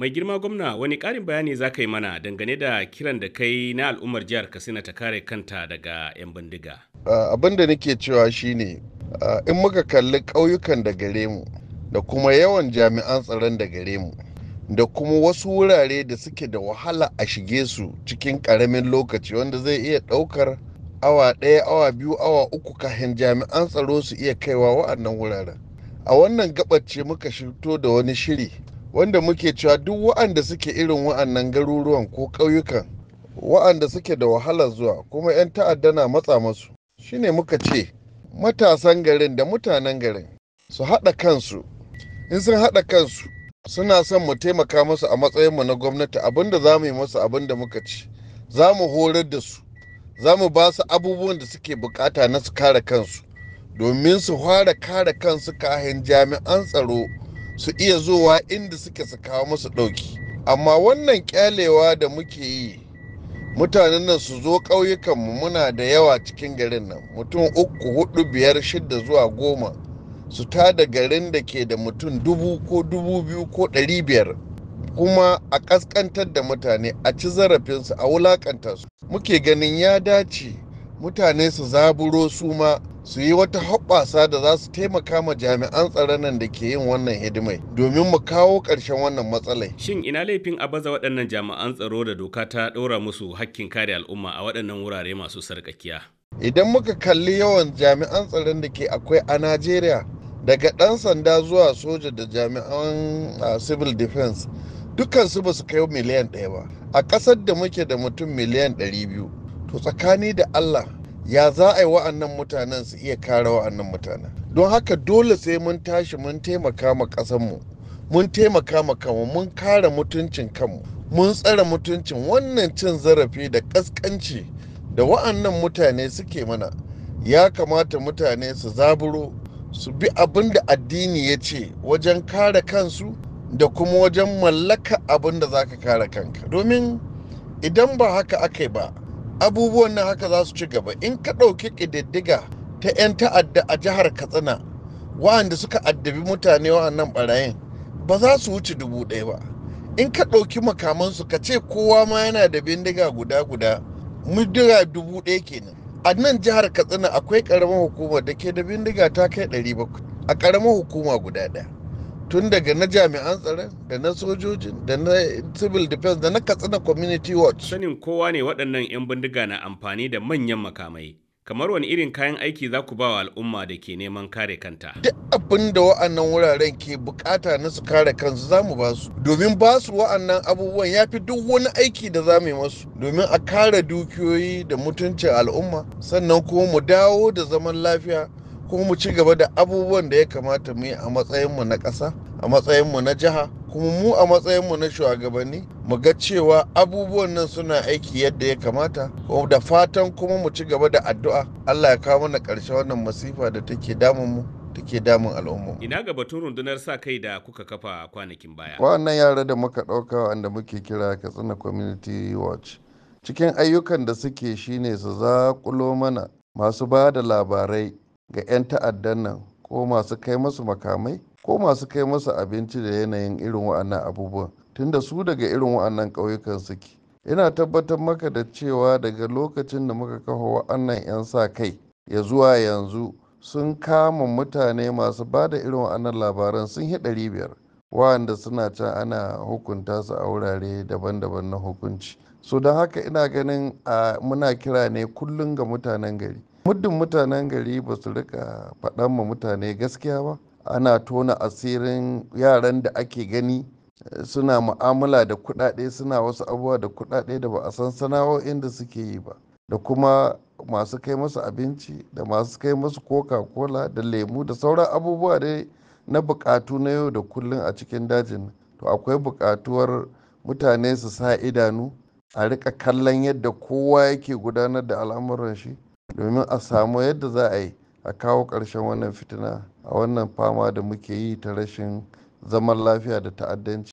Mai girma gwamna wani ƙarin bayani za ka yi mana dangane da kiran da kai na al'ummar jihar Katsina ta kare kanta daga 'yan bindiga. Abin da nake cewa shine ne, in muka kalli ƙauyukan da gare mu da kuma yawan jami'an tsaron da gare mu da kuma wasu wurare da suke da wahala a shige su cikin ƙaramin lokaci wanda zai iya ɗaukar awa ɗaya awa biyu awa uku kahin jami'an tsaro su iya kaiwa wa'annan wuraren. A wannan gabace muka shirto da wani shiri wanda muke cewa duk wa'anda suke irin wa'annan garuruwan ko ƙauyukan wa'anda suke da wahalar zuwa kuma 'yan ta'adda na matsa masu shine muka ce matasan garin da mutanen garin su haɗa kansu in sun haɗa kansu suna son mu taimaka musu a matsayin mu na gwamnati abinda za mu yi musu abinda muka ci za mu horar da su za mu ba su abubuwan da suke bukata na su kare kansu domin su fara kare kansu kahin jami'an tsaro su iya zuwa inda suke saka kawo musu ɗauki amma wannan kyalewa da muke yi mutanen nan su zo ƙauyukanmu muna da yawa cikin garin nan mutum uku hudu biyar shidda zuwa goma su tada garin da ke da mutum dubu ko dubu biyu ko ɗari biyar kuma a ƙasƙantar da mutane a ci zarafinsu a wulaƙanta su muke ganin ya dace mutane su zaburo su ma su yi wata hoɓɓasa da za su taimaka ma jami'an tsaron nan da ke yin wannan hidimai domin mu kawo ƙarshen wannan matsalai. Shin ina laifin a baza waɗannan jami'an tsaro da doka ta ɗora musu hakkin kare al'umma a waɗannan wurare masu sarƙaƙiya? Idan muka kalli yawan jami'an tsaron da ke akwai a Najeriya daga ɗan sanda zuwa soja da jami'an ah, civil defense dukansu ba su kai miliyan ɗaya ba a ƙasar da muke da mutum miliyan ɗari biyu to tsakani da Allah ya za a yi wa'annan mutanen su iya kare wa'annan mutanen don haka dole sai mun tashi mun taimaka ma ƙasanmu mun taimaka ma kanmu mun kare mutuncin kanmu mun tsare mutuncin wannan cin zarafi da ƙasƙanci da wa'annan mutane suke mana ya kamata mutane su zaburo su bi abin da addini ya ce wajen kare kansu da kuma wajen mallaka abin da za ka kare kanka domin idan ba haka aka yi ba abubuwan nan haka za su ci gaba in ka ɗauki ƙididdiga ta 'yan ta'adda a jihar katsina wa'anda suka addabi mutane wa'annan barayin ba za su wuce dubu ɗaya ba in ka ɗauki makamansu ka ce kowa ma yana da bindiga guda guda mudura dubu ɗaya kenan a nan jihar katsina akwai ƙaramar hukumar da ke da bindiga ta kai ɗari bakwai a ƙaramar hukuma guda ɗaya tun daga na jami'an tsaron da na sojojin da na civil defense da na katsina community watch sanin kowa ne waɗannan 'yan bindiga na amfani da manyan makamai kamar wani irin kayan aiki za ku ba wa al'umma da ke neman kare kanta duk abin da wa'annan wuraren ke bukata na su kare kansu za mu ba su domin ba su wa'annan abubuwan ya fi duk wani aiki da za mu yi masu domin a kare dukiyoyi da mutuncin al'umma sannan kuma mu dawo da zaman lafiya kuma mu ci gaba da abubuwan da ya kamata mu yi a matsayinmu na ƙasa a matsayinmu na jiha kuma mu a matsayinmu na shugabanni mu ga cewa abubuwan nan suna aiki yadda ya kamata kuma da fatan kuma mu ci gaba da addu'a allah ya kawo mana ƙarshe wannan masifa da take damun mu take damun al'umma. Ina ga batun rundunar sa kai da kuka kafa kwanakin baya. Wannan yara da muka ɗauka wanda muke kira Katsina Community Watch. Cikin ayyukan da suke shine su zaƙulo mana masu ba da labarai ga 'yan ta'addan nan ko masu kai masu makamai ko masu kai masu abinci da yanayin irin wa'annan abubuwan tunda su daga irin wa'annan ƙauyukan suke ina tabbatar maka da cewa daga lokacin da muka kafa wa'annan 'yan sa kai ya zuwa yanzu sun kama mutane masu ba da irin wa'annan labaran sun yi ɗari biyar wa'anda suna can ana hukunta su a wurare daban-daban na hukunci so don haka ina ganin muna kira ne kullum ga mutanen gari muddin mutanen gari ba su rika faɗan ma mutane gaskiya ba ana tona asirin yaran da ake gani suna mu'amala da kuɗaɗe suna wasu abubuwa da kuɗaɗe da ba a san sana'o'in da suke yi ba da kuma masu kai masu abinci da masu kai masu coca-cola da lemu da sauran abubuwa dai na buƙatu na yau da kullum a cikin dajin to akwai buƙatuwar mutane su sa idanu a rika kallon yadda kowa yake gudanar da al'amuran shi domin a samu yadda za a yi a kawo ƙarshen wannan fitina a wannan fama da muke yi ta rashin zaman lafiya da ta'addanci.